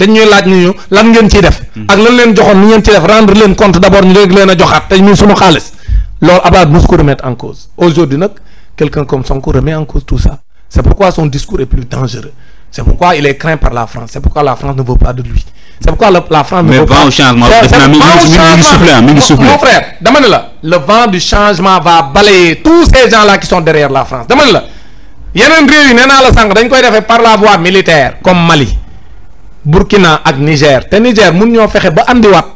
dañ ñuy laaj ñu lan ngeen ciy def. ak lan leen joxoon lu ngeen ciy def rendre leen compte d' abord léegi leen a joxaat te ñun suñu xaalis loolu Abad mos ko en cause aujourd'hui nag quelqu'un comme Sonko remet en cause tout ça c' pourquoi son discours est plus dangereux c' pourquoi il est craint par la France c' pourquoi la France ne de lui c' est pourquoi la, la France ne vent au changement mon frère dama ne la le vent du changement va balayer tous ces gens là qui sont naa la sànq dañ koy defee par la voie Burkina ak Niger te Niger mun ñoo fexe ba andiwaat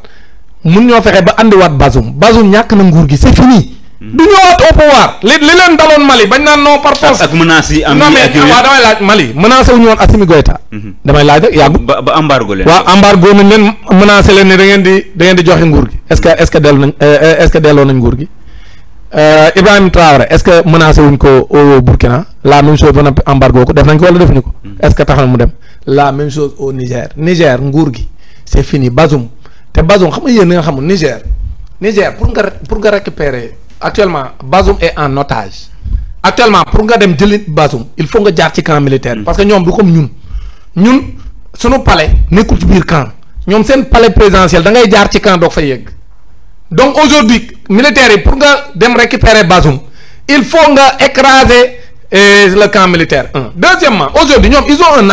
mun ñoo fexe ba andiwaat Bazoum Bazoum ñàkk na nguur gi c'est fini. Hmm. du ñëwaat au pouvoir li li leen daloon Mali bañ naan non par force. ak menaces am yi ak waaw wu ñu hmm. damay laaj rek ba ba embargo leen. waaw embargo nañ leen leen ne da ngeen di da ngeen di joxe nguur gi est-ce que euh, delloo nañ nguur gi euh, Ibrahim Traoré est-ce que menacé wuñ ko au Burkina la même chose ba embargo ko def nañ ko wala defuñu ko. Hmm. est-ce que tax mu dem. la même chose au Niger Niger nguur gi c'est fini Bazoum te Bazoum xam nga yéen nga xamul Niger Niger pour nga pour nga récupérer actuellement Bazoum est en otage actuellement pour nga dem jëli Bazoum il faut nga jaar ci camp militaire parce que ñoom du comme ñun ñun sunu palais nekkul ci biir ñoom seen palais présidentiel da ngay jaar ci camp doog fa yegg donc aujourd'hui militaires yi pour nga dem récupérer Bazoum il faut nga écraser eh, le camp militaire un deuxièmement aujourd'hui ñoom ils ont un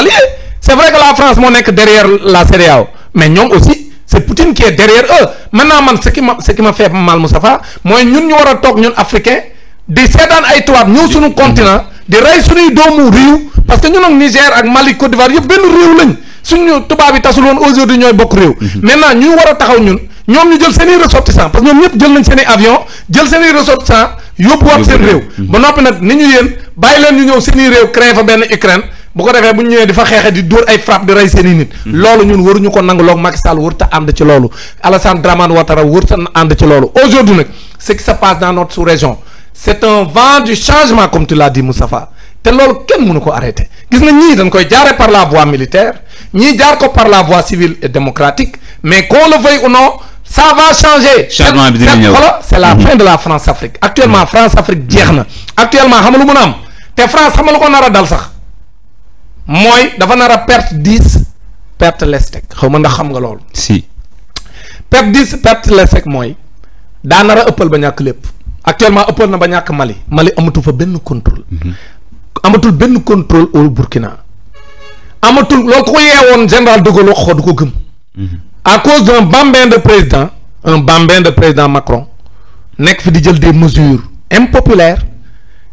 c'est vrai que la France moo nekk derrière la CEDEAO mais ñoom aussi c'est Poutine qui est derrière eux maintenant man ce qui ma ce qui ma fait mal Moustapha mooy ñun ñu war a toog ñun africain di seetaan ay tubaab ñëw suñu continent di rey suñuy doomu réew parce que ñun ak Niger ak Mali Côte d'Ivoire yëpp benn réew lañ suñu tubaab yi tasul woon aujourd'hui ñooy bokk réew mhm. maintenant ñu war a taxaw ñun ñoom ñu jël seeni ressortissants parce que ñoom ñëpp jël nañ seeni avion jël seeni ressortissants yóbbuwaat seen réew mhm. bàyyi leen ñu ñëw seeni réew benn Ukraine bu ko defee bu ñu ñëwee di fa di dóor ay frappe di rey seen i nit. Mhm. loolu ñun waruñu ko nanguloog Macky Sall warut a ànd ci loolu Alassane Dramane Ouattara warut a ànd ci loolu aujourd'hui nag ce qui se passe dans notre région c'est un vent du changement comme tu l'as dit Moustapha te loolu kenn mënu ko arrêter gis na ñii dañ koy jaare par la voie militaire ñii jaar ko par la voie civile et démocratique mais qu'on le veuille ou non ça va changer. changement bi dina ñëw c'est la mhm. fin de la France-Afrique actuellement mhm. France-Afrique jeex na actuellement xam lu mën a am te France xam ko nar a sax. mooy dafa nar a perte dix perte lestec xaw ma ndax xam nga loolu. si perte dix perte les teg mooy daa nar ëppal ba ñàkk lépp actuellement ëppal na ba ñàkk Mali. Mali amatu fa benn contrôle. Mhm. amatul benn contrôle au Burkina. amatul loo ko yeewoon général de Gaulle wax ko du ko gëm. Mhm. à cause d'un bambin de président un bambin de président Macron nekk fi di jël de mesures impopulaires.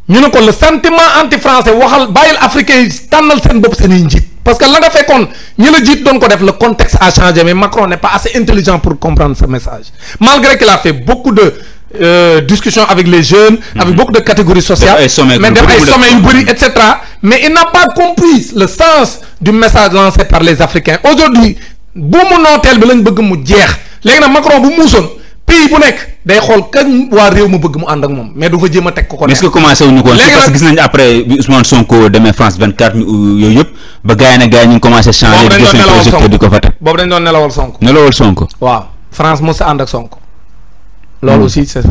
ñu ne ko le sentiment anti français waxal bàyyil africain yi tànnal seen bopp seen i njiit parce que la nga fekkoon ñu la jiit doon ko def le contexte a changé mais Macron n'est pas assez intelligent pour comprendre ce message malgré qu'il a fait beaucoup de euh, discussions avec les jeunes mm -hmm. avec beaucoup de catégories sociales mais def ay sommets yu bëri mm-hmm. et cetera mais il n'a pas compris le sens du message lancé par les africains aujourd'hui bu mu nooteel bi lañ bëgg mu jeex léegi nag Macron bu muusoon pays bu nekk day xool kañ waa réew ma bëgg mu ànd ak moom mais du ko jéem a teg ko ko. mais est-ce ko woon parce euh, yëpp ba gars yi nag gars yi ñu ngi commencé a ànd ak Sonko. loolu hmm. aussi c'est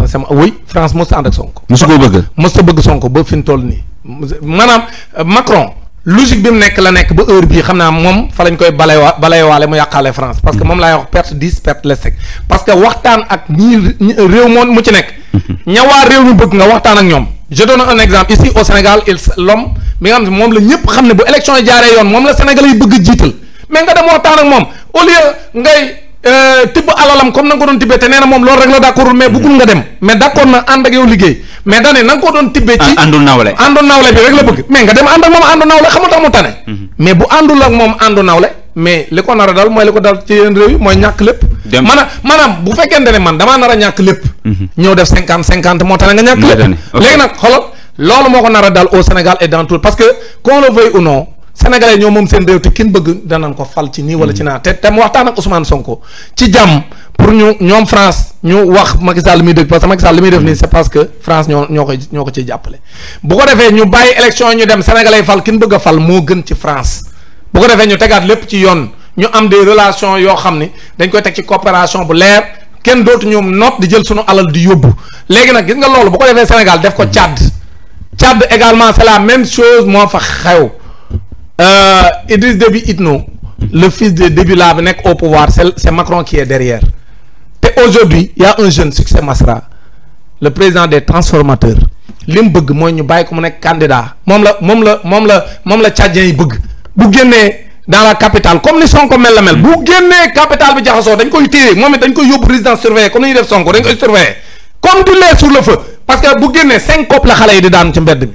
France mos a ànd ak Sonko. mosu koo bëgg. mos a bëgg sonk ba fi nii maanaam euh, Macron. logique bi mu nekk la nekk ba heure bii xam naa moom fa lañ koy balaywa balaywaale mu yàqaale France parce que moom laay wax perte dix perte les sec parce que waxtaan ak ñii réew moom mu ci nekk ñawaa réew mi bëgg nga waxtaan ak ñoom je donne un exemple ici au Sénégal il l'homme bi nga xam ne moom la ñëpp xam ne bu élection yi jaaree yoon moom la Sénégalais yi bëgg jiital mais nga dem waxtaan ak moom au lieu ngay Euh, tibb alalam comme na ko doon tibbee te nee moom loolu rek la d'accordul mais bëggul nga dem mais d'accord na ànd ak yow liggéey mais dane na ko doon tibbee ci àndu nawle àndu nawle bi rek la bëgg mais nga dem ànd ak moom àndu nawle xamul tax mu tane mhm. mais bu àndul ak moom àndu nawle mais li ko nar a dal mooy li ko dal ci yeneen réew yi mooy ñàkk lépp maanaam maanaam bu fekkente ne man damaa nar a ñàkk lépp mhm. ñëw def cinquante cinquante moo sénégalais ñoo moom seen réew te kenn bëgg danañ ko fal ci nii wala ci mm. naa te te mu waxtaan ak Ousmane Sonko ci jàmm pour ñu ñoom France ñu wax Macky Sall mi dëgg parce que Macky Sall muy def nii c'est parce que France ñoo ñoo koy ñoo ko ciy jàppale bu ko defee ñu bàyyi élection ñu dem sénégalais fal kenn bëgg fal moo gën ci France bu ko defee ñu tegaat lépp ci yoon ñu am des relations yoo xam ni dañ koy teg ci coopération bu leer kenn dootu ñoom noot di jël suñu alal di yóbbu léegi nag gis loolu bu ko defee Sénégal def ko Tchad Tchad également c'est la même chose moo fa xew Euh, Idriss Déby no le fils de Déby là bi nekk au pouvoir c'est Macron qui est derrière te aujourd'hui y a un jeune succès Masra le président des transformateurs li bëgg mooy ñu bàyyi ko mu nekk candidat moom la moom la moom la moom la Tchadiens yi bëgg bu génnee dans la capitale comme ni Sonko mel la mel bu génnee capitale bi jaxasoo dañ koy téye moom it dañ koy yóbbu résidence surveillée comme ni ñuy def Sonko dañ koy surveiller comme du lait sur que bu génnee cinq cop la xale yi di daan ci mbedd mi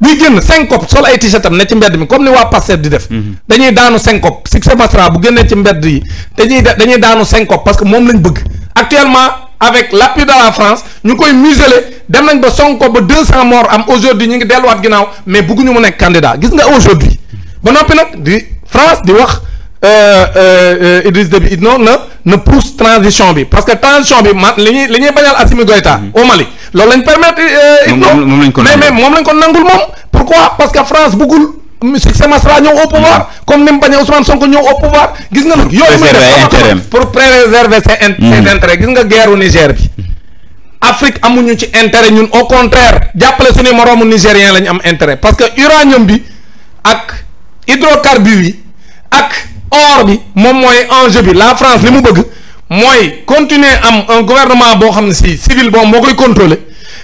buy génn syncope sol ay t-shirt am ne ci mbedd mi comme ni waa Pastef di def. Mhm. dañuy daanu syncope Succès Masra bu génnee ci mbedd yi dañuy dañuy daanu syncope parce que moom lañ bëgg actuellement. avec l'appui de la France ñu koy museler dem nañ ba Sonko ba 200 morts am aujourd'hui ñu ngi delluwaat ginnaaw mais bëgguñu mu nekk candidat gis nga aujourd'hui ba noppi nag di France di wax Euh, euh, euh, Idriss Déby non na na pousse transition bi parce que transition bi man li ñuy li ñuy bañal Assimi Goïta mm-hmm. au Mali loolu lañ permettre Itno mais mais moom lañ ko nangul moom pourquoi parce que France bëggul succès Masra ñëw au mm-hmm. comme ni mu bañee Ousmane Sonko ñëw au gis nga nag yooyu mu pour préserver ses ses mm-hmm. intérêts gis nga guerre Niger bi Afrique amuñu ci intérêt ñun au contraire jàppale suñu moroomu nigérien la ñu am intérêt parce que uranium bi ak hydrocarbures yi or bi moom mooy enjeu bi la France li mu bëgg mooy continuer am un gouvernement boo xam ne si civil boobu moo koy contrôler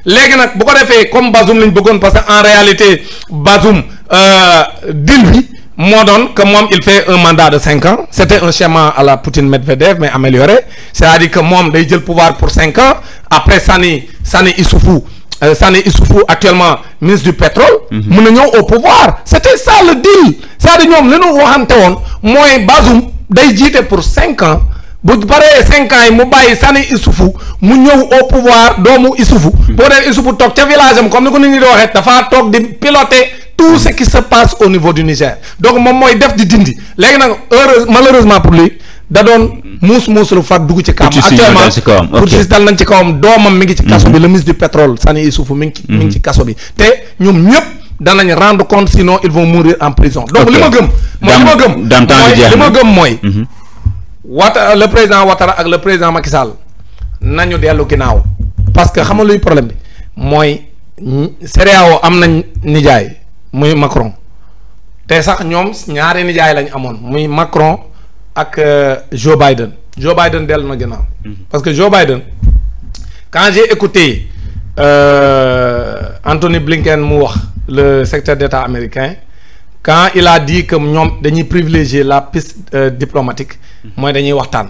léegi nag bu ko defee comme Bazoum lañ bëggoon parce que en réalité Bazoum euh, deal bi moo doon que moom il fait un mandat de cinq ans c' était un schéma à la Poutine Medvedev mais amélioré c' est à dire que moom day jël pouvoir pour cinq ans après Sani Sani Issoufou Euh, Sané Issoufou actuellement ministre du pétrole. mun mhm. na ñëw au pouvoir c' était ça le deal cest à ñoom li ñu waxante woon mooy Bazoum day jiite pour cinq ans bu paree cinq ans yi mu bàyyi Sané Issoufou mu ñëw au pouvoir doomu Issoufou. Mhm. boo dee Issoufou toog ca village am comme ni ko nit ñi di waxee dafaa toog di piloter tout ce qui se passe au niveau du Niger donc moom mooy def di dindi léegi nag heureuse malheureusement pour lui da doon. muus muus lu faat dugg ci kawam actuellement pour si dal nañ ci kawam doomam mi ngi ci kaso bi mhm. le ministre du pétrole Sani Issoufou mi ngi ci mi ngi ci mhm. kaso bi te ñoom ñëpp danañ rendre compte sinon ils vont mourir en prison donc li ma gëm mooy li ma gëm mooy li ma gëm mooy Ouattara le président Ouattara ak le président Macky Sall nañu dellu ginnaaw parce que xam nga luy problème bi mooy CEDEAO am nañ nijaay muy Macron te sax ñoom ñaari nijaay lañ amoon muy Macron ak euh, Joe Biden Joe Biden dellu na ginnaaw. Mhm. parce que Joe Biden quand j'ai écouté euh, Anthony Blinken mu wax le secrétaire d'État américain quand il a dit ñoom dañuy privilégier la piste euh, diplomatique mhm. mooy dañuy waxtaan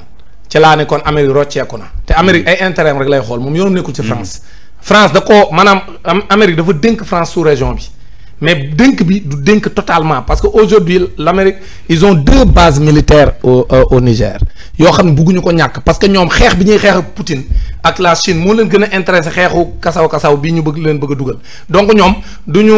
ci laa ne kon Amérique rocceeku na te Amérique mhm. ay intérêt rek lay xool moom yoonu nekkul ci France France da ko maanaam Amérique dafa dénk France sous région bi mais dénk bi du dénk totalement parce que aujourd'hui l'Amérique ils ont deux bases militaires au euh, au Niger yoo xam ne bugguñu ko ñàkk parce que ñoom xeex bi ñuy xeex ak Poutine ak la Chine moo leen gën a intéressé xeexu kasaw kasaw bi ñu bëgg leen bëgg a dugal donc ñoom du ñu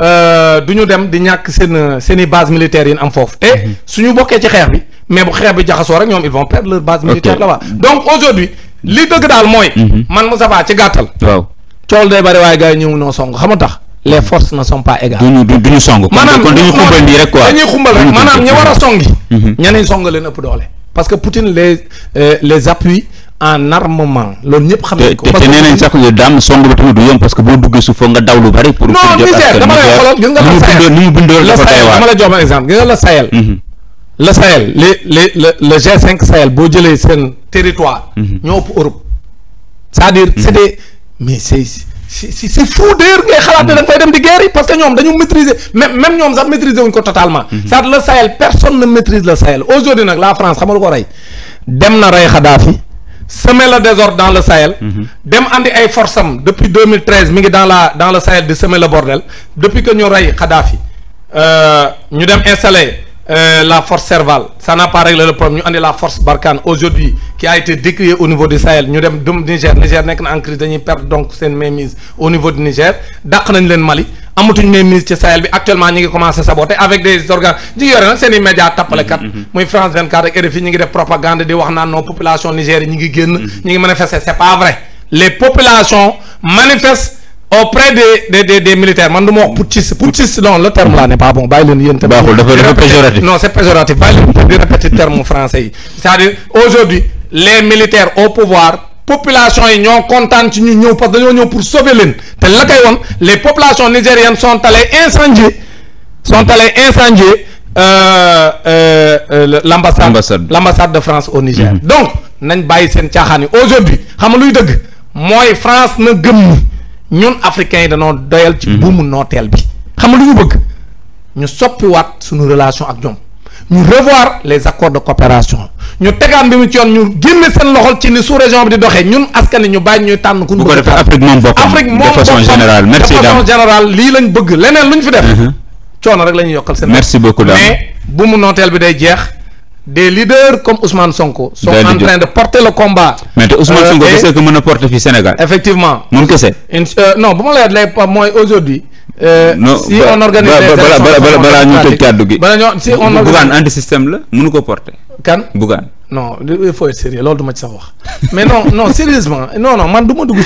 euh, du ñu dem di ñàkk seen seen i bases militaires yi am foofu te mhm. suñu bokkee ci xeex bi mais bu xeex bi jaxasoo rek ñoom ils vont perdre leur base militaire là-bas donc aujourd'hui li dëgg daal mooy mhm. man ci gàttal waaw cool day bari waaye gars ñëw noo song xam nga tax les force na sont pas égales. duñu duñu song. maanaam kon dañuy xumbal nii rek quoi dañuy xumbal rek maanaam ñi war a songi. Mhm. ñeneen song leen ëpp doole. parce que Poutine les euh, les en armement loolu ñëpp xam nañ ko. parce que te te nee nañ daam song ba tamit du yomb parce que boo duggee suuf foog nga daw lu bari. pour pour dama la jox ma exemple gis nga la Sahel. Mhm. la Sahel les les le le G5 Sahel boo jëlee seen territoire. Mhm. ñoo ëpp Europe. c'est-à-dire c'est des mais c'est si si c'est fou d'ailleurs ngay xalaat ne da dem di guerre parce que ñoom dañu maîtriser même même ñoom sax maîtriser wuñ ko totalement mhm. ça le Sahel personne ne maîtrise le Sahel aujourd'hui nag la France xamal ko rey dem na rey Kadhafi semer le désordre dans le Sahel mhm. dem andi ay force am depuis 2013 mi ngi dans la dans le Sahel di semer le bordel depuis que ñu rey Kadhafi euh, ñu dem installer Euh, la force Serval ça n'a pas réglé le problème ñu andi la force Barkhane aujourd'hui qui a été décriée au niveau du Sahel ñu dem Niger Niger nekk na en crise dañuy perdre donc seen mainmise au niveau du Niger dàq nañ leen Mali amatuñ mainmise ci Sahel bi actuellement ñu ngi commencé saboter avec des organes ñi nag seen i médias tappalekat mm-hmm, mm-hmm. muy France 24 ak RFI ñi ngi def propagande di wax naan non population Niger ñi ngi génn mm-hmm. ñi ngi manifester auprès des des des militaires man du ma wax putschiste putschiste non le terme là n'est pas bon bàyyi leen yéen tamit. dafa péjoratif non c'est péjoratif bàyyi leen di répéter terme français yi c'est-à-dire aujourd'hui les militaire au pouvoir population yi ñoo kontaan ci ñu ñëw parce dañoo ñëw pour sauver leen te la koy woon les populations nigériennes son allées incendier sont allées incendier euh, euh, euh, l'ambassade l'ambassade de France au Niger. Mm -hmm. donc nañ bàyyi seen caaxaan yi xam nga luy dëgg mooy ñun africains yi danoo doyal ci mhm. buumu nooteel bi xam lu ñu bëgg ñu soppiwaat suñu relation ak ñoom ñu revoir les accords de coopération ñu tegaan bi mu ci yoon ñu génne seen loxol ci ni sous région bi di doxee ñun askan ñu bàyyi ñuy tànn ku ñu bëgg Afrique moom boppam de façon générale merci de façon générale lii lañ bëgg leneen lu ñu fi def mhm. coono rek la ñuy yokkal seen merci beaucoup mais bu mu nooteel bi day jeex des leaders comme Ousmane Sonko. sont en train de porter le combat. mais te Ousmane Sonko bu euh, see mën a porter fii Sénégal. effectivement moom kese. Euh, non bu ma la lay mooy aujourd'hui si on organise balaa balaa ñu tëj kàddu gi. balaa ñoo si on Bougane anti ko porter. kan Bougane. non il faut être loolu du ma sax wax mais non non sérieusement non non man du dugg